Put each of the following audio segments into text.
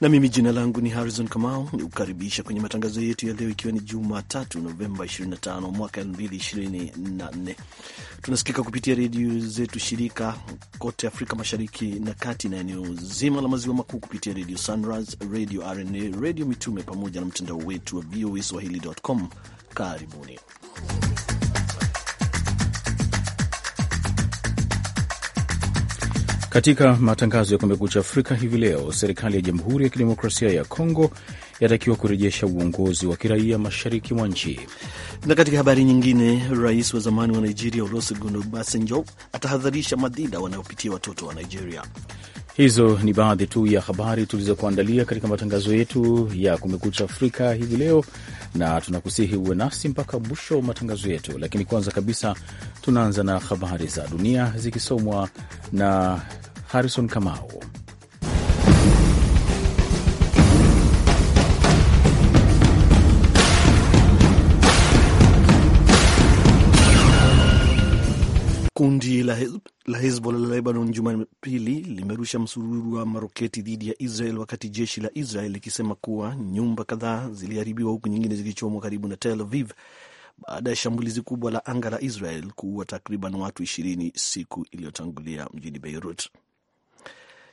na mimi jina langu ni Harrison Kamau, ni kukaribisha kwenye matangazo yetu ya leo, ikiwa ni Jumatatu Novemba 25 mwaka 2024. Tunasikika kupitia redio zetu shirika kote Afrika Mashariki na Kati na eneo zima la Maziwa Makuu kupitia redio Sunrise, redio RNA, redio Mitume pamoja na mtandao wetu wa VOA Swahili.com. Karibuni. Katika matangazo ya Kumekucha Afrika hivi leo, serikali ya Jamhuri ya Kidemokrasia ya Kongo yatakiwa kurejesha uongozi wa kiraia mashariki mwa nchi. Na katika habari nyingine, rais wa zamani wa Nigeria Olusegun Obasanjo atahadharisha madhila wanayopitia watoto wa Nigeria. Hizo ni baadhi tu ya habari tulizokuandalia katika matangazo yetu ya Kumekucha Afrika hivi leo, na tunakusihi uwe nasi mpaka mwisho wa matangazo yetu. Lakini kwanza kabisa tunaanza na habari za dunia zikisomwa na Harrison Kamau. Kundi la Hezbollah la Lebanon Jumapili limerusha msururu wa maroketi dhidi ya Israel wakati jeshi la Israel likisema kuwa nyumba kadhaa ziliharibiwa huku nyingine zikichomwa karibu na Tel Aviv baada ya shambulizi kubwa la anga la Israel kuua takriban watu ishirini siku iliyotangulia mjini Beirut.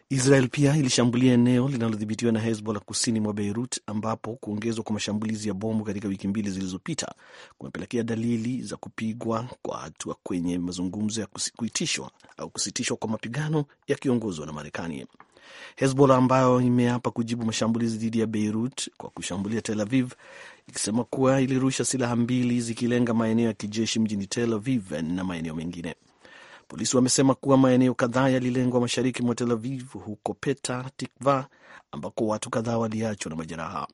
Israel pia ilishambulia eneo linalodhibitiwa na Hezbollah kusini mwa Beirut, ambapo kuongezwa kwa mashambulizi ya bomu katika wiki mbili zilizopita kumepelekea dalili za kupigwa kwa hatua kwenye mazungumzo ya kuitishwa au kusitishwa kwa mapigano yakiongozwa na Marekani. Hezbollah ambayo imeapa kujibu mashambulizi dhidi ya Beirut kwa kushambulia Tel Aviv, ikisema kuwa ilirusha silaha mbili zikilenga maeneo ya kijeshi mjini Tel Aviv na maeneo mengine. Polisi wamesema kuwa maeneo kadhaa yalilengwa mashariki mwa Tel Aviv, huko Peta Tikva ambako watu kadhaa waliachwa na majeraha.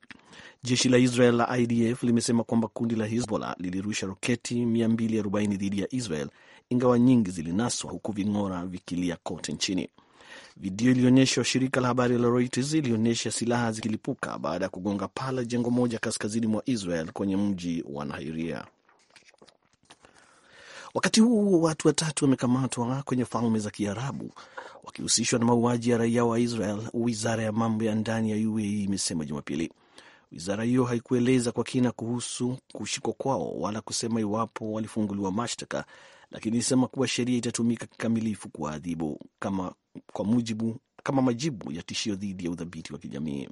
Jeshi la Israel la IDF limesema kwamba kundi la Hezbollah lilirusha roketi 240 dhidi ya Israel, ingawa nyingi zilinaswa, huku ving'ora vikilia kote nchini. Video ilionyeshwa shirika la habari la Reuters ilionyesha silaha zikilipuka baada ya kugonga paa la jengo moja kaskazini mwa Israel kwenye mji wa Nahiria. Wakati huo watu watatu wamekamatwa kwenye Falme za Kiarabu wakihusishwa na mauaji ya raia wa Israel, wizara ya mambo ya ndani ya UAE imesema Jumapili. Wizara hiyo haikueleza kwa kina kuhusu kushikwa kwao wala kusema iwapo walifunguliwa mashtaka, lakini ilisema kuwa sheria itatumika kikamilifu kuwaadhibu kama, kwa mujibu kama majibu ya tishio dhidi ya udhabiti wa kijamii.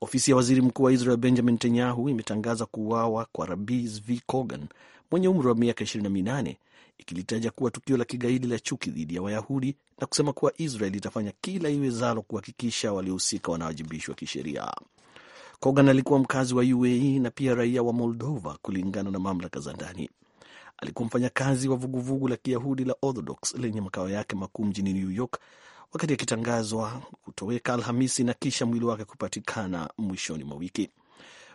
Ofisi ya waziri mkuu wa Israel Benjamin Netanyahu imetangaza kuuawa kwa Rabi Zvi Kogan, mwenye umri wa miaka 28 ikilitaja kuwa tukio la kigaidi la chuki dhidi ya Wayahudi na kusema kuwa Israel itafanya kila iwezalo kuhakikisha waliohusika wanawajibishwa kisheria. Kogan alikuwa mkazi wa UAE na pia raia wa Moldova, kulingana na mamlaka za ndani. Alikuwa mfanyakazi wa vuguvugu la Kiyahudi la Orthodox lenye makao yake makuu mjini New York, wakati akitangazwa kutoweka Alhamisi na kisha mwili wake kupatikana mwishoni mwa wiki.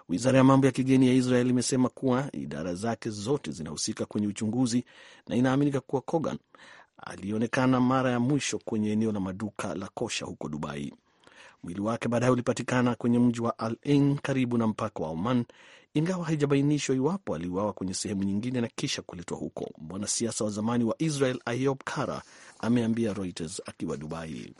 Wizara ya mambo ya kigeni ya Israel imesema kuwa idara zake zote zinahusika kwenye uchunguzi na inaaminika kuwa Kogan alionekana mara ya mwisho kwenye eneo la maduka la kosha huko Dubai. Mwili wake baadaye ulipatikana kwenye mji wa Al Ain karibu na mpaka wa Oman, ingawa haijabainishwa iwapo aliuawa kwenye sehemu nyingine na kisha kuletwa huko. Mwanasiasa wa zamani wa Israel ayob Kara ameambia Reuters akiwa Dubai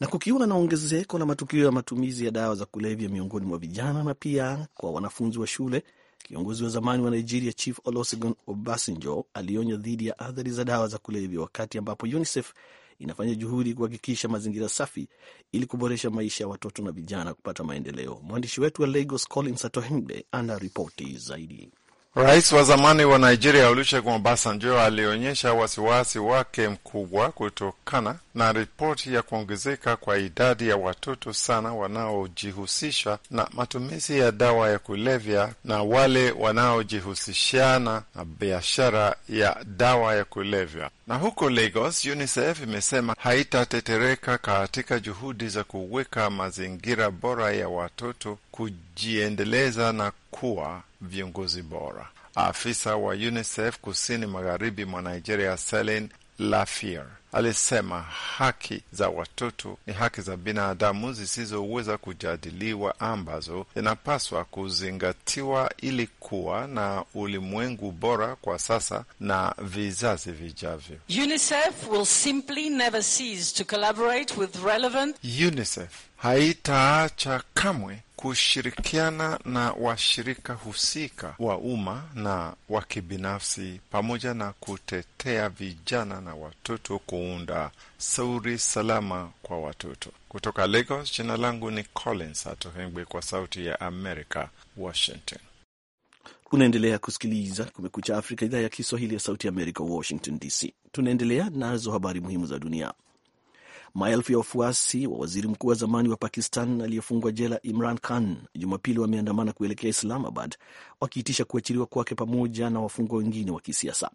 na kukiwa na ongezeko la matukio ya matumizi ya dawa za kulevya miongoni mwa vijana na pia kwa wanafunzi wa shule, kiongozi wa zamani wa Nigeria Chief Olusegun Obasanjo alionya dhidi ya athari za dawa za kulevya, wakati ambapo UNICEF inafanya juhudi kuhakikisha mazingira safi ili kuboresha maisha ya watoto na vijana kupata maendeleo. Mwandishi wetu wa Lagos Collins Atohengbe ana ripoti zaidi. Rais wa zamani wa Nigeria Olusegun Obasanjo alionyesha wasiwasi wake mkubwa kutokana na ripoti ya kuongezeka kwa idadi ya watoto sana wanaojihusisha na matumizi ya dawa ya kulevya na wale wanaojihusishana na biashara ya dawa ya kulevya. Na huko Lagos, UNICEF imesema haitatetereka katika juhudi za kuweka mazingira bora ya watoto kujiendeleza na kuwa viongozi bora. Afisa wa UNICEF kusini magharibi mwa Nigeria, Selin Lafier, alisema haki za watoto ni haki za binadamu zisizoweza kujadiliwa ambazo zinapaswa kuzingatiwa ili kuwa na ulimwengu bora kwa sasa na vizazi vijavyo. UNICEF will simply never cease to collaborate with relevant... UNICEF haitaacha kamwe kushirikiana na washirika husika wa umma na wa kibinafsi, pamoja na kutetea vijana na watoto kuunda sauri salama kwa watoto. Kutoka Lagos, jina langu ni Collins Atohengwe, kwa Sauti ya Amerika, Washington. Unaendelea kusikiliza Kumekucha Afrika, idhaa ya Kiswahili ya Sauti ya Amerika, Washington DC. Tunaendelea nazo habari muhimu za dunia. Maelfu ya wafuasi wa waziri mkuu wa zamani wa Pakistan aliyefungwa jela Imran Khan Jumapili wameandamana kuelekea Islamabad wakiitisha kuachiliwa kwake pamoja na wafungwa wengine wa kisiasa.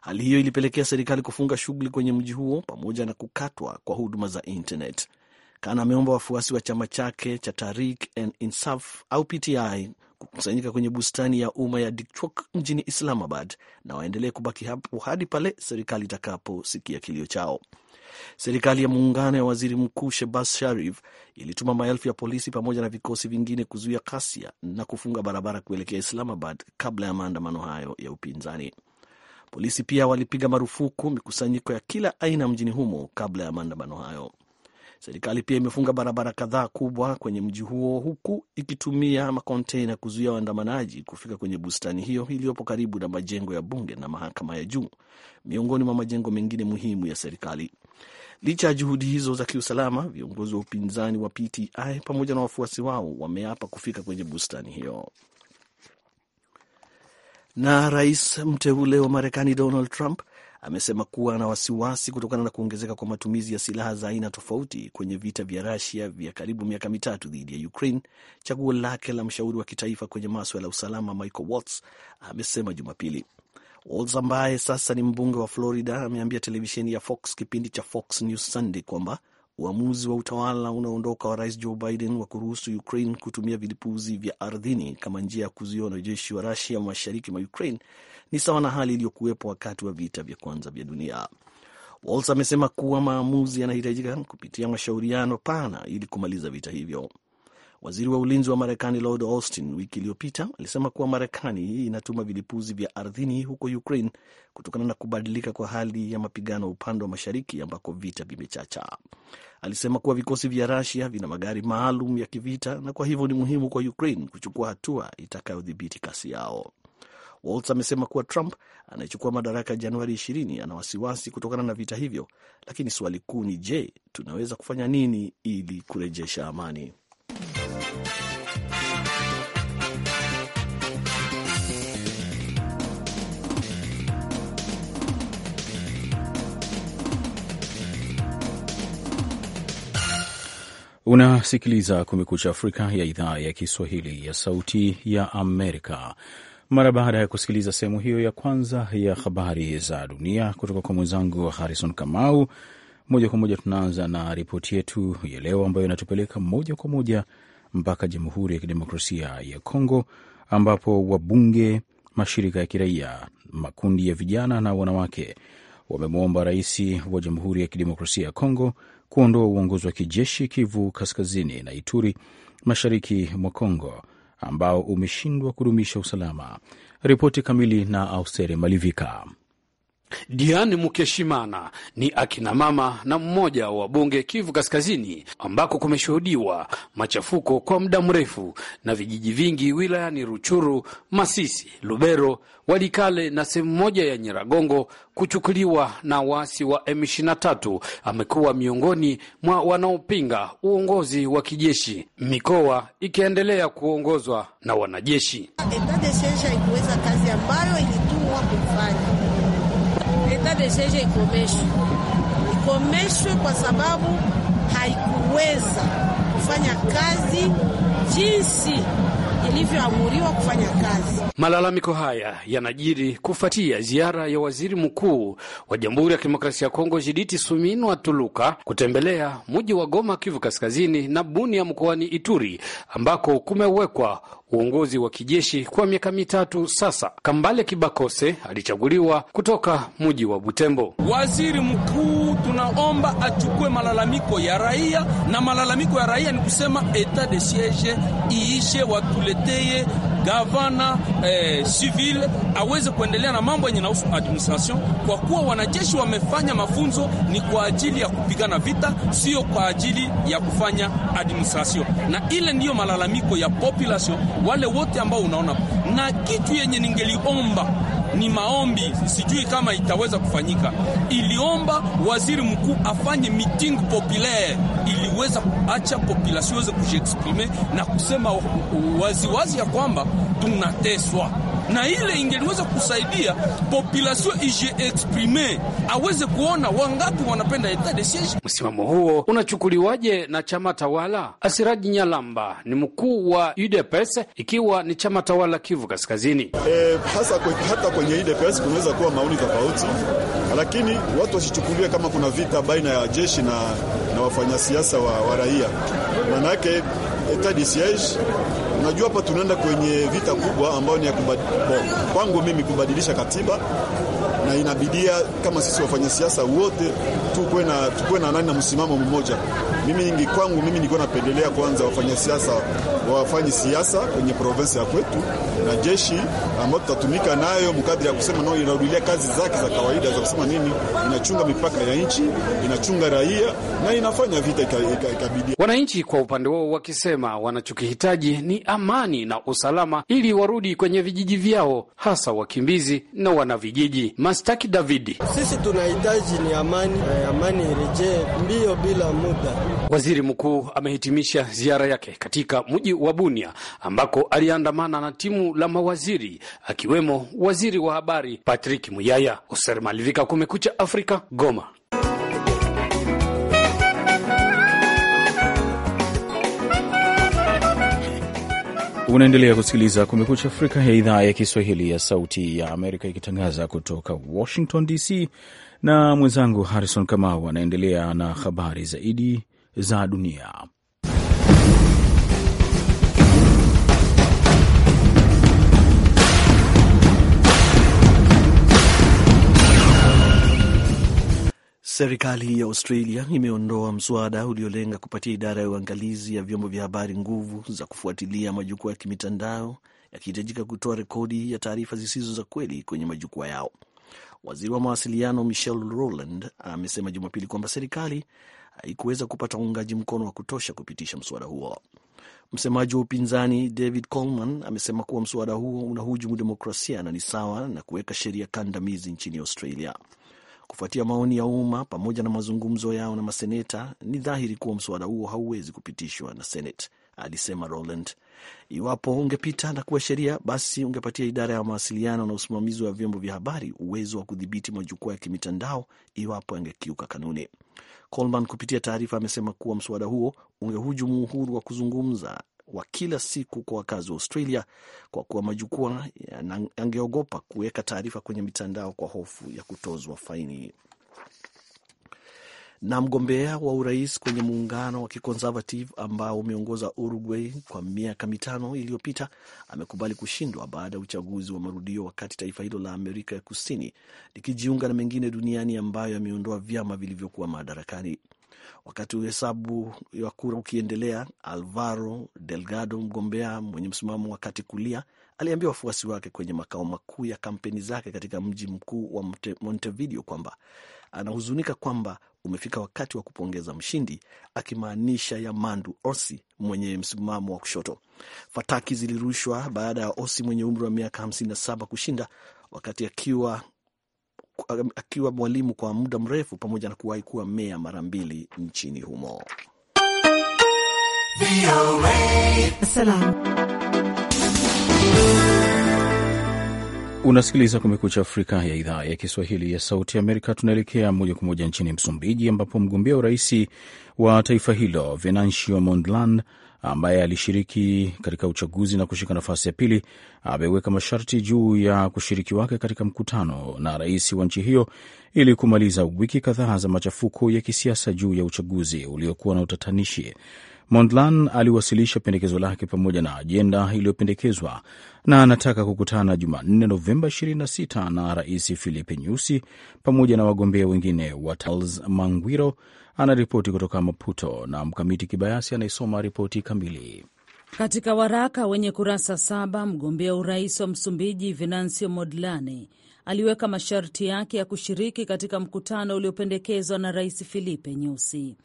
Hali hiyo ilipelekea serikali kufunga shughuli kwenye mji huo pamoja na kukatwa kwa huduma za internet. Khan ameomba wafuasi wa chama chake cha Tarik and Insaf au PTI kukusanyika kwenye bustani ya umma ya Dikchok mjini Islamabad na waendelee kubaki hapo hadi pale serikali itakaposikia kilio chao. Serikali ya muungano ya waziri mkuu Shebas Sharif ilituma maelfu ya polisi pamoja na vikosi vingine kuzuia kasia na kufunga barabara kuelekea Islamabad kabla ya maandamano hayo ya upinzani. Polisi pia walipiga marufuku mikusanyiko ya kila aina mjini humo kabla ya maandamano hayo. Serikali pia imefunga barabara kadhaa kubwa kwenye mji huo huku ikitumia makonteina kuzuia waandamanaji kufika kwenye bustani hiyo iliyopo karibu na majengo ya bunge na mahakama ya juu, miongoni mwa majengo mengine muhimu ya serikali. Licha ya juhudi hizo za kiusalama, viongozi wa upinzani wa PTI pamoja na wafuasi wao wameapa kufika kwenye bustani hiyo. Na rais mteule wa Marekani Donald Trump amesema kuwa ana wasiwasi kutokana na kuongezeka kwa matumizi ya silaha za aina tofauti kwenye vita vya Rusia vya karibu miaka mitatu dhidi ya Ukraine. Chaguo lake la mshauri wa kitaifa kwenye maswala ya usalama Michael wats amesema Jumapili Walz ambaye sasa ni mbunge wa Florida ameambia televisheni ya Fox kipindi cha Fox News Sunday kwamba uamuzi wa utawala unaoondoka wa rais Joe Biden wa kuruhusu Ukraine kutumia vilipuzi vya ardhini kama njia ya kuzuia wanajeshi wa Rusia mashariki mwa Ukraine ni sawa na hali iliyokuwepo wakati wa vita vya kwanza vya dunia. Walz amesema kuwa maamuzi yanahitajika kupitia mashauriano pana ili kumaliza vita hivyo. Waziri wa ulinzi wa Marekani Lord Austin wiki iliyopita alisema kuwa Marekani inatuma vilipuzi vya ardhini huko Ukraine kutokana na kubadilika kwa hali ya mapigano upande wa mashariki ambako vita vimechacha. Alisema kuwa vikosi vya Rusia vina magari maalum ya kivita na kwa hivyo ni muhimu kwa Ukraine kuchukua hatua itakayodhibiti kasi yao. Waltz amesema kuwa Trump anayechukua madaraka Januari 20 ana wasiwasi kutokana na vita hivyo, lakini swali kuu ni je, tunaweza kufanya nini ili kurejesha amani? Unasikiliza Kumekucha Afrika ya idhaa ya Kiswahili ya Sauti ya Amerika. Mara baada ya kusikiliza sehemu hiyo ya kwanza ya habari za dunia kutoka kwa mwenzangu Harrison Kamau, moja kwa moja tunaanza na ripoti yetu ya leo ambayo inatupeleka moja kwa moja mpaka Jamhuri ya Kidemokrasia ya Kongo, ambapo wabunge, mashirika ya kiraia, makundi ya vijana na wanawake wamemwomba rais wa Jamhuri ya Kidemokrasia ya Kongo kuondoa uongozi wa kijeshi Kivu Kaskazini na Ituri, mashariki mwa Kongo, ambao umeshindwa kudumisha usalama. Ripoti kamili na Austere Malivika. Diani Mukeshimana ni akina mama na mmoja wa bunge Kivu Kaskazini, ambako kumeshuhudiwa machafuko kwa muda mrefu na vijiji vingi wilayani Ruchuru, Masisi, Lubero, Walikale na sehemu moja ya Nyiragongo kuchukuliwa na waasi wa M23. Amekuwa miongoni mwa wanaopinga uongozi wa kijeshi, mikoa ikiendelea kuongozwa na wanajeshi. Haikuweza kazi ambayo ilitumwa kufanya hata besheje ikomeshwe, ikomeshwe kwa sababu haikuweza kufanya kazi jinsi ilivyoamuriwa kufanya kazi. Malalamiko haya yanajiri kufuatia ziara ya waziri mkuu wa Jamhuri ya Kidemokrasia ya Kongo Jiditi Suminwa Tuluka kutembelea mji wa Goma, Kivu Kaskazini na Bunia mkoani Ituri ambako kumewekwa uongozi wa kijeshi kwa miaka mitatu sasa. Kambale Kibakose alichaguliwa kutoka mji wa Butembo. Waziri mkuu tunaomba achukue malalamiko ya raia, na malalamiko ya raia ni kusema etat de siege iishe, watuleteye gavana eh, civil aweze kuendelea na mambo yenye nahusu administration, kwa kuwa wanajeshi wamefanya mafunzo ni kwa ajili ya kupigana vita, sio kwa ajili ya kufanya administration, na ile ndiyo malalamiko ya population wale wote ambao unaona. Na kitu yenye ningeliomba ni maombi, sijui kama itaweza kufanyika. Iliomba waziri mkuu afanye meeting populaire, iliweza kuacha population iweze kujiexprime na kusema waziwazi ya kwamba tunateswa na ile ingeliweza kusaidia population ijeexprime aweze kuona wangapi wanapenda etat de siege. Msimamo huo unachukuliwaje na chama tawala? Asiraji Nyalamba ni mkuu wa UDPS, ikiwa ni chama tawala Kivu Kaskazini. E, hasa kwe, hata kwenye UDPS kunaweza kuwa maoni tofauti, lakini watu wasichukulie kama kuna vita baina ya jeshi na siasa wa, wa raia, manake etat de siege Najua hapa tunaenda kwenye vita kubwa ambayo ni ya kwangu mimi kubadilisha katiba na inabidia kama sisi siasa wote tukuwe na tukuwe na nani na msimamo mmoja. Mimi ningi kwangu mimi nilikuwa napendelea kwanza siasa wafanye siasa kwenye province ya kwetu, na jeshi ambayo tutatumika nayo mkadri ya kusema nao inarudia kazi zake za kawaida za kusema nini, inachunga mipaka ya nchi, inachunga raia na inafanya vita ikabidia. Wananchi kwa upande wao wakisema wanachokihitaji ni amani na usalama ili warudi kwenye vijiji vyao, hasa wakimbizi na wanavijiji Mas anamshtaki Davidi. Sisi tunahitaji ni amani, eh, amani irejee mbio bila muda. Waziri mkuu amehitimisha ziara yake katika mji wa Bunia ambako aliandamana na timu la mawaziri akiwemo waziri wa habari Patrick Muyaya. Hoser Malivika, Kumekucha Afrika, Goma. Unaendelea kusikiliza Kumekucha Afrika ya idhaa ya Kiswahili ya Sauti ya Amerika ikitangaza kutoka Washington DC, na mwenzangu Harrison Kamau anaendelea na habari zaidi za dunia. Serikali ya Australia imeondoa mswada uliolenga kupatia idara ya uangalizi ya vyombo vya habari nguvu za kufuatilia majukwaa ya kimitandao yakihitajika kutoa rekodi ya taarifa zisizo za kweli kwenye majukwaa yao. Waziri wa mawasiliano Michelle Rowland amesema Jumapili kwamba serikali haikuweza kupata uungaji mkono wa kutosha kupitisha mswada huo. Msemaji wa upinzani David Coleman amesema kuwa mswada huo unahujumu demokrasia na ni sawa na kuweka sheria kandamizi nchini Australia. Kufuatia maoni ya umma pamoja na mazungumzo yao na maseneta, ni dhahiri kuwa mswada huo hauwezi kupitishwa na Senate, alisema Roland. Iwapo ungepita na kuwa sheria, basi ungepatia idara ya mawasiliano na usimamizi wa vyombo vya habari uwezo wa kudhibiti majukwaa ya kimitandao iwapo yangekiuka kanuni. Coleman kupitia taarifa amesema kuwa mswada huo ungehujumu uhuru wa kuzungumza wa kila siku kwa wakazi wa Australia kwa kuwa majukwaa yangeogopa kuweka taarifa kwenye mitandao kwa hofu ya kutozwa faini. Na mgombea wa urais kwenye muungano wa kiconservative ambao umeongoza Uruguay kwa miaka mitano iliyopita amekubali kushindwa baada ya uchaguzi wa marudio, wakati taifa hilo la Amerika ya Kusini likijiunga na mengine duniani ambayo yameondoa vyama vilivyokuwa madarakani. Wakati uhesabu wa kura ukiendelea, Alvaro Delgado, mgombea mwenye msimamo wa kati kulia, aliambia wafuasi wake kwenye makao makuu ya kampeni zake katika mji mkuu wa Montevideo kwamba anahuzunika kwamba umefika wakati wa kupongeza mshindi, akimaanisha Yamandu Osi mwenye msimamo wa kushoto. Fataki zilirushwa baada ya Osi mwenye umri wa miaka 57 kushinda wakati akiwa akiwa mwalimu kwa muda mrefu pamoja na kuwahi kuwa meya mara mbili nchini humo. Unasikiliza Kumekucha Afrika ya idhaa ya Kiswahili ya Sauti Amerika. Tunaelekea moja kwa moja nchini Msumbiji, ambapo mgombea urais wa taifa hilo Venancio Mondlane ambaye alishiriki katika uchaguzi na kushika nafasi ya pili, ameweka masharti juu ya kushiriki wake katika mkutano na rais wa nchi hiyo ili kumaliza wiki kadhaa za machafuko ya kisiasa juu ya uchaguzi uliokuwa na utatanishi. Mondlane aliwasilisha pendekezo lake pamoja na ajenda iliyopendekezwa na anataka kukutana Jumanne Novemba 26 na Rais Filipe Nyusi pamoja na wagombea wengine wa Charles Mangwiro anaripoti kutoka Maputo na Mkamiti Kibayasi anayesoma ripoti kamili. Katika waraka wenye kurasa saba, mgombea urais wa Msumbiji Venancio Modlane aliweka masharti yake ya kushiriki katika mkutano uliopendekezwa na Rais Filipe Nyusi.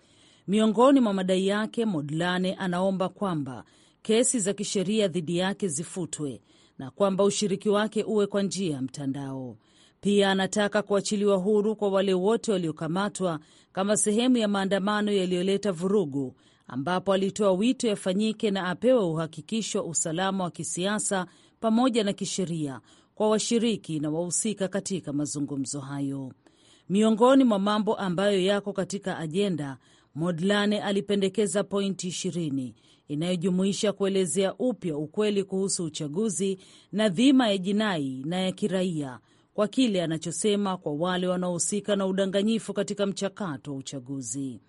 Miongoni mwa madai yake, Modlane anaomba kwamba kesi za kisheria dhidi yake zifutwe na kwamba ushiriki wake uwe kwa njia ya mtandao. Pia anataka kuachiliwa huru kwa wale wote waliokamatwa kama sehemu ya maandamano yaliyoleta vurugu, ambapo alitoa wito yafanyike na apewe uhakikisho wa usalama wa kisiasa pamoja na kisheria kwa washiriki na wahusika katika mazungumzo hayo. Miongoni mwa mambo ambayo yako katika ajenda, Modlane alipendekeza pointi ishirini inayojumuisha kuelezea upya ukweli kuhusu uchaguzi na dhima ya jinai na ya kiraia kwa kile anachosema kwa wale wanaohusika na udanganyifu katika mchakato wa uchaguzi.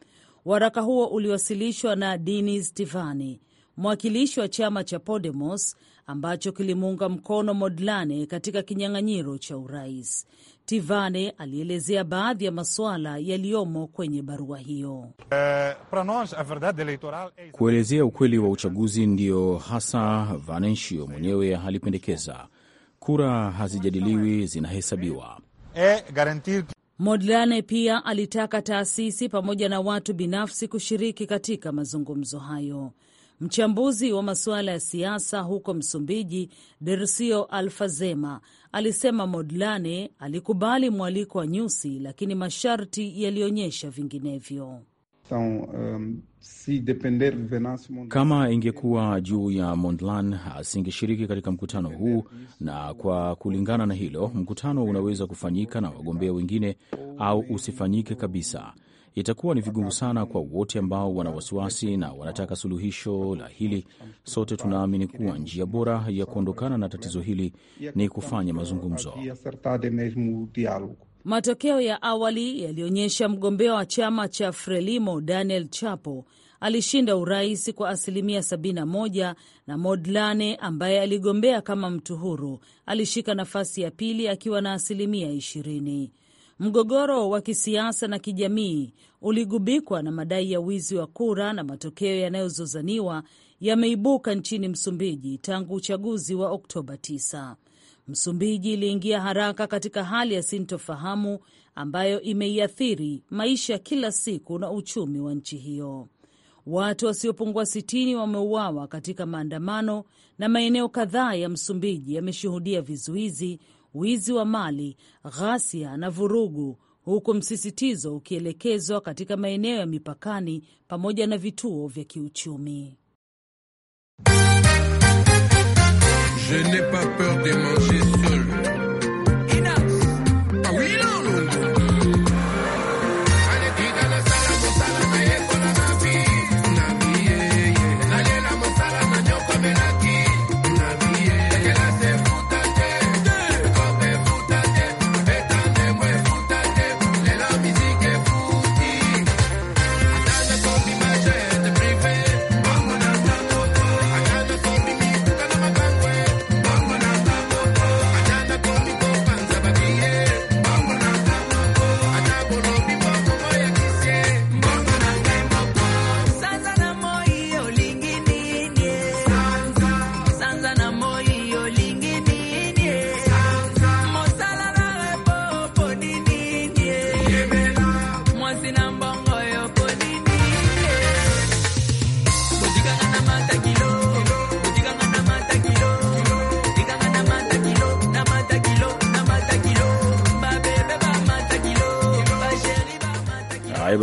Waraka huo uliwasilishwa na Dinis Tivani, mwakilishi wa chama cha Podemos ambacho kilimuunga mkono Modlane katika kinyang'anyiro cha urais. Tivane alielezea baadhi ya masuala yaliyomo kwenye barua hiyo. Eh, Kuelezea ukweli wa uchaguzi ndiyo hasa Vanenshio mwenyewe alipendekeza kura hazijadiliwi, zinahesabiwa. E, Modlane pia alitaka taasisi pamoja na watu binafsi kushiriki katika mazungumzo hayo. Mchambuzi wa masuala ya siasa huko Msumbiji, Dersio Alfazema, alisema Modlane alikubali mwaliko wa Nyusi, lakini masharti yalionyesha vinginevyo. Ehm, Kama ingekuwa juu ya Mondlane asingeshiriki katika mkutano huu, na kwa kulingana na hilo, mkutano unaweza kufanyika na wagombea wengine au usifanyike kabisa. Itakuwa ni vigumu sana kwa wote ambao wana wasiwasi na wanataka suluhisho la hili. Sote tunaamini kuwa njia bora ya kuondokana na tatizo hili ni kufanya mazungumzo. Matokeo ya awali yalionyesha mgombea wa chama cha Frelimo Daniel Chapo alishinda urais kwa asilimia 71 na Modlane ambaye aligombea kama mtu huru alishika nafasi ya pili akiwa na asilimia 20. Mgogoro wa kisiasa na kijamii uligubikwa na madai ya wizi wa kura na matokeo yanayozozaniwa yameibuka nchini Msumbiji tangu uchaguzi wa Oktoba 9. Msumbiji iliingia haraka katika hali ya sintofahamu ambayo imeiathiri maisha ya kila siku na uchumi wa nchi hiyo. Watu wasiopungua sitini wameuawa katika maandamano na maeneo kadhaa ya Msumbiji yameshuhudia vizuizi, wizi wa mali, ghasia na vurugu, huku msisitizo ukielekezwa katika maeneo ya mipakani pamoja na vituo vya kiuchumi. Je n'ai pas peur de manger seul. Ah oui,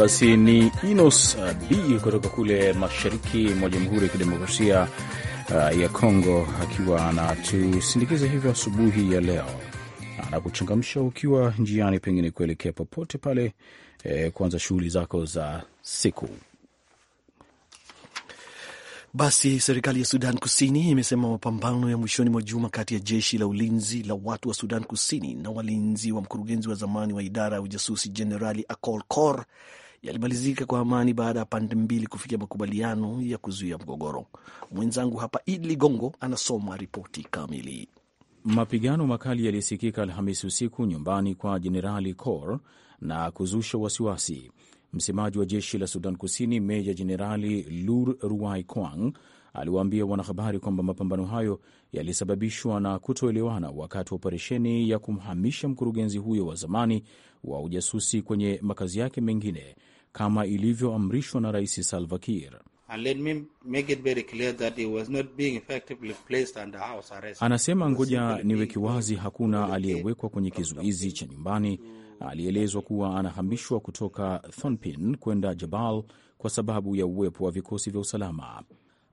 basi ni Inos uh, B kutoka kule mashariki mwa Jamhuri ya Kidemokrasia uh, ya Kongo akiwa anatusindikiza hivyo asubuhi ya leo, anakuchangamsha ukiwa njiani, pengine kuelekea popote pale, eh, kuanza shughuli zako za siku. Basi serikali ya Sudan Kusini imesema mapambano ya mwishoni mwa juma kati ya jeshi la ulinzi la watu wa Sudan Kusini na walinzi wa mkurugenzi wa zamani wa idara ya ujasusi Jenerali Akol Cor yalimalizika kwa amani baada ya pande mbili kufikia makubaliano ya kuzuia mgogoro. Mwenzangu hapa Idli Ligongo anasoma ripoti kamili. Mapigano makali yalisikika Alhamisi usiku nyumbani kwa Jenerali Cor na kuzusha wasiwasi. Msemaji wa jeshi la Sudan Kusini, Meja Jenerali Lur Ruai Kwang, aliwaambia wanahabari kwamba mapambano hayo yalisababishwa na kutoelewana wakati wa operesheni ya kumhamisha mkurugenzi huyo wa zamani wa ujasusi kwenye makazi yake mengine kama ilivyoamrishwa na Rais Salva Kiir. Anasema, ngoja niweke wazi, hakuna aliyewekwa kwenye kizuizi cha nyumbani. Alielezwa kuwa anahamishwa kutoka Thonpin kwenda Jabal kwa sababu ya uwepo wa vikosi vya usalama.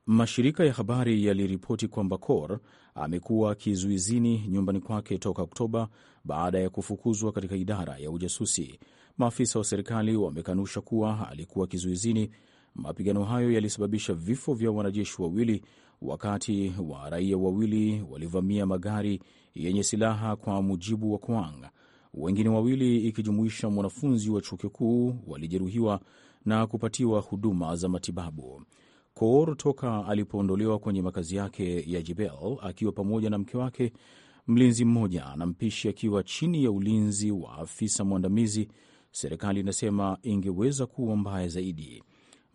Mashirika ya habari yaliripoti kwamba Kor amekuwa kizuizini nyumbani kwake toka Oktoba baada ya kufukuzwa katika idara ya ujasusi Maafisa wa serikali wamekanusha kuwa alikuwa kizuizini. Mapigano hayo yalisababisha vifo vya wanajeshi wawili wakati wa raia wawili walivamia magari yenye silaha, kwa mujibu wa Kwang. Wengine wawili ikijumuisha mwanafunzi wa chuo kikuu walijeruhiwa na kupatiwa huduma za matibabu. kor toka alipoondolewa kwenye makazi yake ya Jibel akiwa pamoja na mke wake, mlinzi mmoja na mpishi, akiwa chini ya ulinzi wa afisa mwandamizi serikali inasema ingeweza kuwa mbaya zaidi.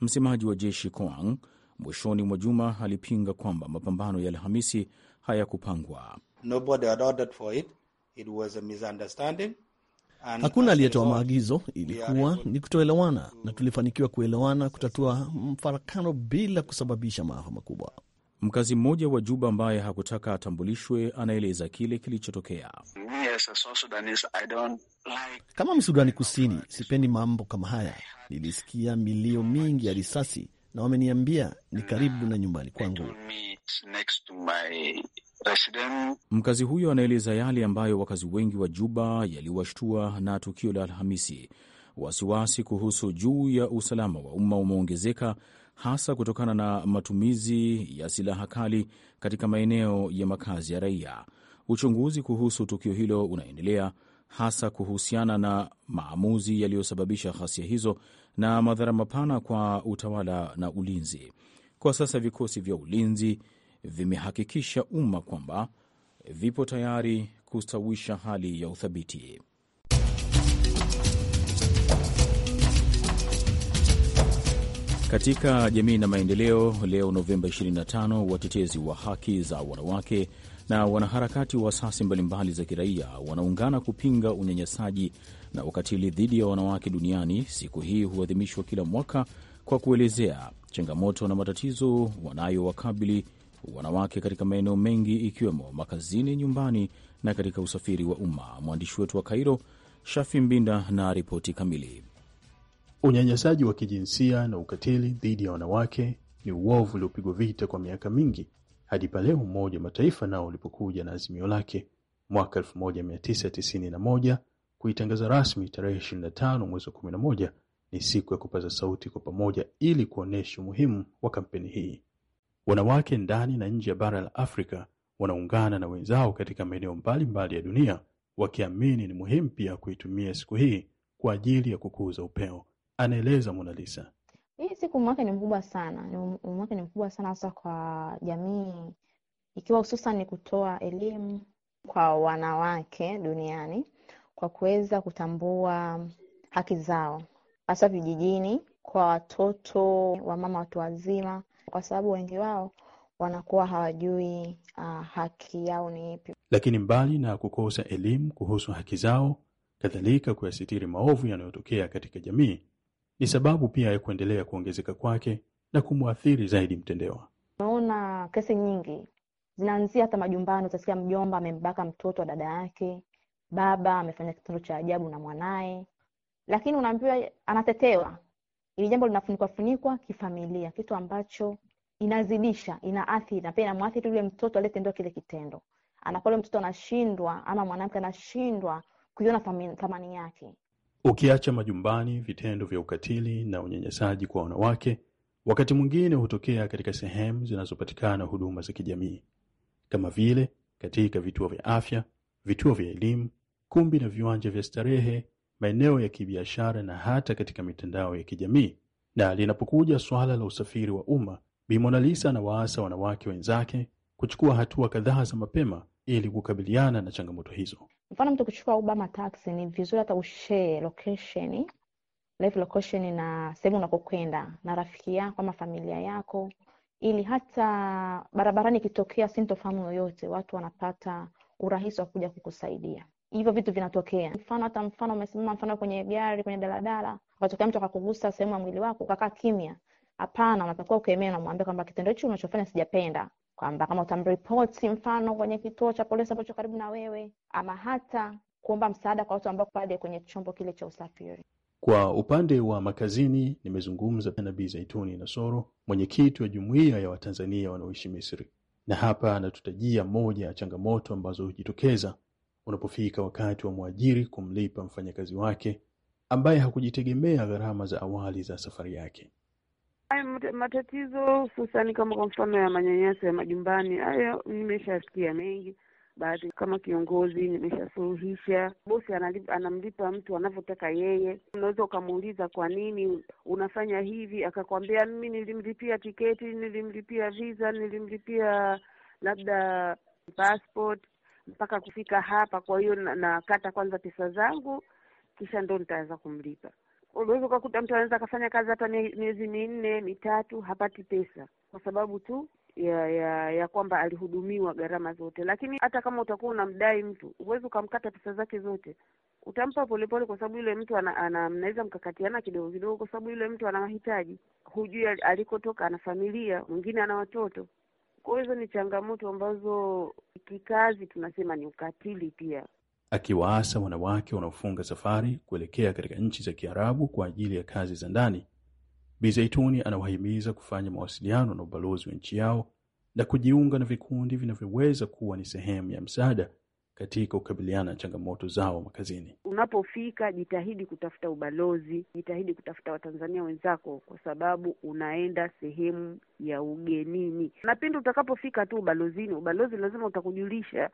Msemaji wa jeshi Koang mwishoni mwa juma alipinga kwamba mapambano ya Alhamisi hayakupangwa. Hakuna aliyetoa maagizo, ilikuwa ni kutoelewana, na tulifanikiwa kuelewana, kutatua mfarakano bila kusababisha maafa makubwa. Mkazi mmoja wa Juba ambaye hakutaka atambulishwe anaeleza kile kilichotokea. Kama Msudani Kusini, sipendi mambo kama haya. Nilisikia milio mingi ya risasi na wameniambia ni karibu na nyumbani kwangu. Mkazi huyo anaeleza yale ambayo wakazi wengi wa Juba yaliwashtua na tukio la Alhamisi. Wasiwasi kuhusu juu ya usalama wa umma umeongezeka hasa kutokana na matumizi ya silaha kali katika maeneo ya makazi ya raia. Uchunguzi kuhusu tukio hilo unaendelea, hasa kuhusiana na maamuzi yaliyosababisha ghasia hizo na madhara mapana kwa utawala na ulinzi. Kwa sasa vikosi vya ulinzi vimehakikisha umma kwamba vipo tayari kustawisha hali ya uthabiti. Katika jamii na maendeleo, leo Novemba 25, watetezi wa haki za wanawake na wanaharakati wa asasi mbalimbali za kiraia wanaungana kupinga unyanyasaji na ukatili dhidi ya wanawake duniani. Siku hii huadhimishwa kila mwaka kwa kuelezea changamoto na matatizo wanayowakabili wanawake katika maeneo mengi ikiwemo makazini, nyumbani na katika usafiri wa umma. Mwandishi wetu wa Kairo, Shafi Mbinda, na ripoti kamili. Unyanyasaji wa kijinsia na ukatili dhidi ya wanawake ni uovu uliopigwa vita kwa miaka mingi hadi pale Umoja wa Mataifa nao ulipokuja na azimio lake mwaka 1991 kuitangaza rasmi tarehe 25 mwezi wa 11 ni siku ya kupaza sauti kwa pamoja ili kuonyesha umuhimu wa kampeni hii. Wanawake ndani na nje ya bara la Afrika wanaungana na wenzao katika maeneo mbalimbali ya dunia wakiamini ni muhimu pia kuitumia siku hii kwa ajili ya kukuza upeo Anaeleza Mona Lisa, hii siku mwake ni mkubwa sana, mwake um, ni mkubwa sana hasa kwa jamii, ikiwa hususan ni kutoa elimu kwa wanawake duniani kwa kuweza kutambua haki zao hasa vijijini, kwa watoto wa mama, watu wazima, kwa sababu wengi wao wanakuwa hawajui uh, haki yao ni ipi. Lakini mbali na kukosa elimu kuhusu haki zao, kadhalika kuyasitiri maovu yanayotokea katika jamii, ni sababu pia ya kuendelea kuongezeka kwake na kumwathiri zaidi mtendewa. Unaona kesi nyingi zinaanzia hata majumbani, utasikia mjomba amembaka mtoto wa dada yake, baba amefanya kitendo cha ajabu na mwanaye, lakini unaambiwa anatetewa. Ili jambo linafunikwa funikwa kifamilia, kitu ambacho inazidisha, inaathiri na pia inamwathiri yule mtoto aliyetendewa kile kitendo, anakuwa yule mtoto anashindwa ama mwanamke anashindwa kuiona thamani yake. Ukiacha majumbani, vitendo vya ukatili na unyanyasaji kwa wanawake wakati mwingine hutokea katika sehemu zinazopatikana huduma za kijamii kama vile katika vituo vya afya, vituo vya elimu, kumbi na viwanja vya starehe, maeneo ya kibiashara na hata katika mitandao ya kijamii. Na linapokuja swala la usafiri wa umma, Bi Monalisa anawaasa wanawake wenzake kuchukua hatua kadhaa za mapema ili kukabiliana na changamoto hizo mfano mtu kuchukua Obama taxi, ni vizuri hata ushare location, live location na sehemu unakokwenda na rafiki yako ama familia yako, ili hata barabarani ikitokea sintofahamu yoyote, watu wanapata urahisi wa kuja kukusaidia. Hivyo vitu vinatokea, mfano hata mfano umesimama, mfano kwenye gari, kwenye daladala, ukatokea mtu akakugusa sehemu ya mwili wako, ukakaa kimya, hapana, unatakiwa ukemee, unamwambia kwamba kitendo hicho unachofanya sijapenda kwamba kama utamripoti mfano kwenye kituo cha polisi ambacho karibu na wewe, ama hata kuomba msaada kwa watu ambao pale kwenye chombo kile cha usafiri. Kwa upande wa makazini, nimezungumza na Bi Zaituni Nasoro, mwenyekiti wa jumuiya ya Watanzania wanaoishi Misri, na hapa anatutajia moja ya changamoto ambazo hujitokeza unapofika wakati wa mwajiri kumlipa mfanyakazi wake ambaye hakujitegemea gharama za awali za safari yake matatizo hususani kama kwa mfano ya manyanyaso ya majumbani, hayo nimeshasikia mengi. Baadhi kama kiongozi nimeshasuluhisha, bosi anamlipa mtu anavyotaka yeye. Unaweza ukamuuliza kwa nini unafanya hivi, akakwambia mimi nilimlipia tiketi, nilimlipia visa, nilimlipia labda passport mpaka kufika hapa, kwa hiyo nakata na kwanza pesa zangu, kisha ndo nitaweza kumlipa unaweza ukakuta mtu anaweza akafanya kazi hata miezi minne mitatu hapati pesa kwa sababu tu ya ya ya kwamba alihudumiwa gharama zote. Lakini hata kama utakuwa unamdai mtu, huwezi ukamkata pesa zake zote, utampa polepole, kwa sababu yule mtu ana, ana mnaweza mkakatiana kidogo kidogo, kwa sababu yule mtu ana mahitaji, hujui alikotoka, ana familia, mwingine ana watoto. Kwa hizo ni changamoto ambazo kikazi tunasema ni ukatili pia akiwaasa wanawake wanaofunga safari kuelekea katika nchi za Kiarabu kwa ajili ya kazi za ndani. Bi anawahimiza kufanya mawasiliano na ubalozi wa nchi yao na kujiunga na vikundi vinavyoweza kuwa ni sehemu ya msaada katika kukabiliana na changamoto zao makazini. Unapofika jitahidi kutafuta ubalozi, jitahidi kutafuta Watanzania wenzako, kwa sababu unaenda sehemu ya ugenini, na pindi utakapofika tu ubalozini, ubalozi lazima utakujulisha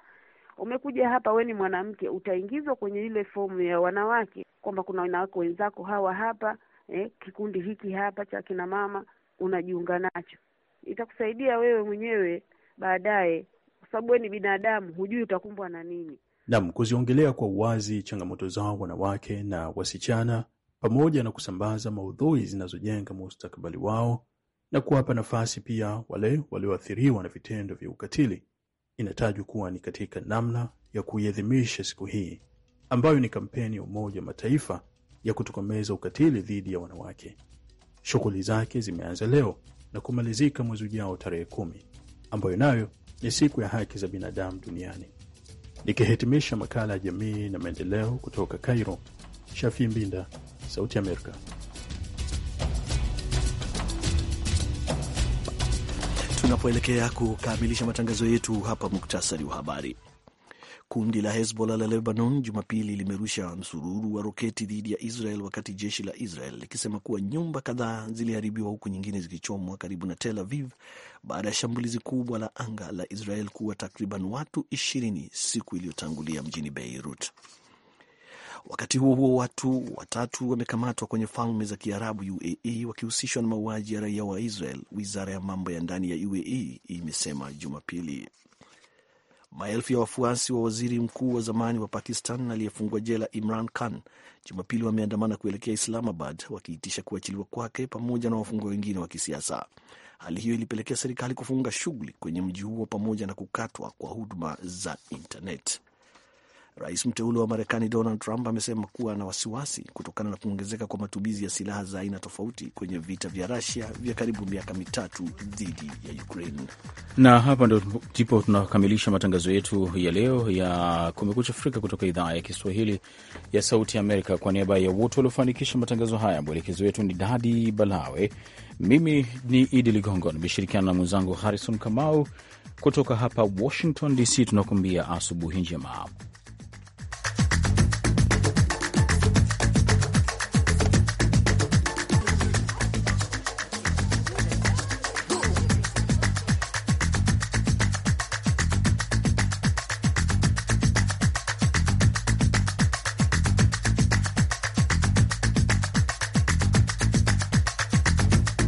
umekuja hapa, we ni mwanamke, utaingizwa kwenye ile fomu ya wanawake kwamba kuna wanawake wenzako hawa hapa eh, kikundi hiki hapa cha kina mama unajiunga nacho. Itakusaidia wewe mwenyewe baadaye, kwa sababu we ni binadamu, hujui utakumbwa na nini. Naam, kuziongelea kwa uwazi changamoto zao wanawake na wasichana, pamoja na kusambaza maudhui zinazojenga mustakabali wao na kuwapa nafasi pia wale walioathiriwa na vitendo vya ukatili inatajwa kuwa ni katika namna ya kuiadhimisha siku hii ambayo ni kampeni ya Umoja wa Mataifa ya kutokomeza ukatili dhidi ya wanawake. Shughuli zake zimeanza leo na kumalizika mwezi ujao tarehe kumi, ambayo nayo ni siku ya haki za binadamu duniani. Nikihitimisha makala ya jamii na maendeleo kutoka Cairo, Shafi Mbinda, Sauti Amerika. tunapoelekea kukamilisha matangazo yetu hapa, muktasari wa habari. Kundi la Hezbollah la Lebanon Jumapili limerusha msururu wa roketi dhidi ya Israel wakati jeshi la Israel likisema kuwa nyumba kadhaa ziliharibiwa huku nyingine zikichomwa karibu na Tel Aviv baada ya shambulizi kubwa la anga la Israel kuwa takriban watu ishirini siku iliyotangulia mjini Beirut. Wakati huo huo, watu watatu wamekamatwa kwenye Falme za Kiarabu UAE wakihusishwa na mauaji ya raia wa Israel, wizara ya mambo ya ndani ya UAE imesema Jumapili. Maelfu ya wafuasi wa waziri mkuu wa zamani wa Pakistan aliyefungwa jela Imran Khan Jumapili wameandamana kuelekea Islamabad wakiitisha kuachiliwa kwake pamoja na wafungwa wengine wa kisiasa. Hali hiyo ilipelekea serikali kufunga shughuli kwenye mji huo pamoja na kukatwa kwa huduma za intaneti. Rais mteule wa Marekani Donald Trump amesema kuwa ana wasiwasi kutokana na kuongezeka kwa matumizi ya silaha za aina tofauti kwenye vita vya Rusia vya karibu miaka mitatu dhidi ya Ukraine. Na hapa ndipo tunakamilisha matangazo yetu ya leo ya Kumekucha Afrika kutoka idhaa ya Kiswahili ya Sauti Amerika. Kwa niaba ya wote waliofanikisha matangazo haya, mwelekezo wetu ni Dadi Balawe, mimi ni Idi Ligongo nimeshirikiana na mwenzangu Harrison Kamau kutoka hapa Washington DC. Tunakuambia asubuhi njema.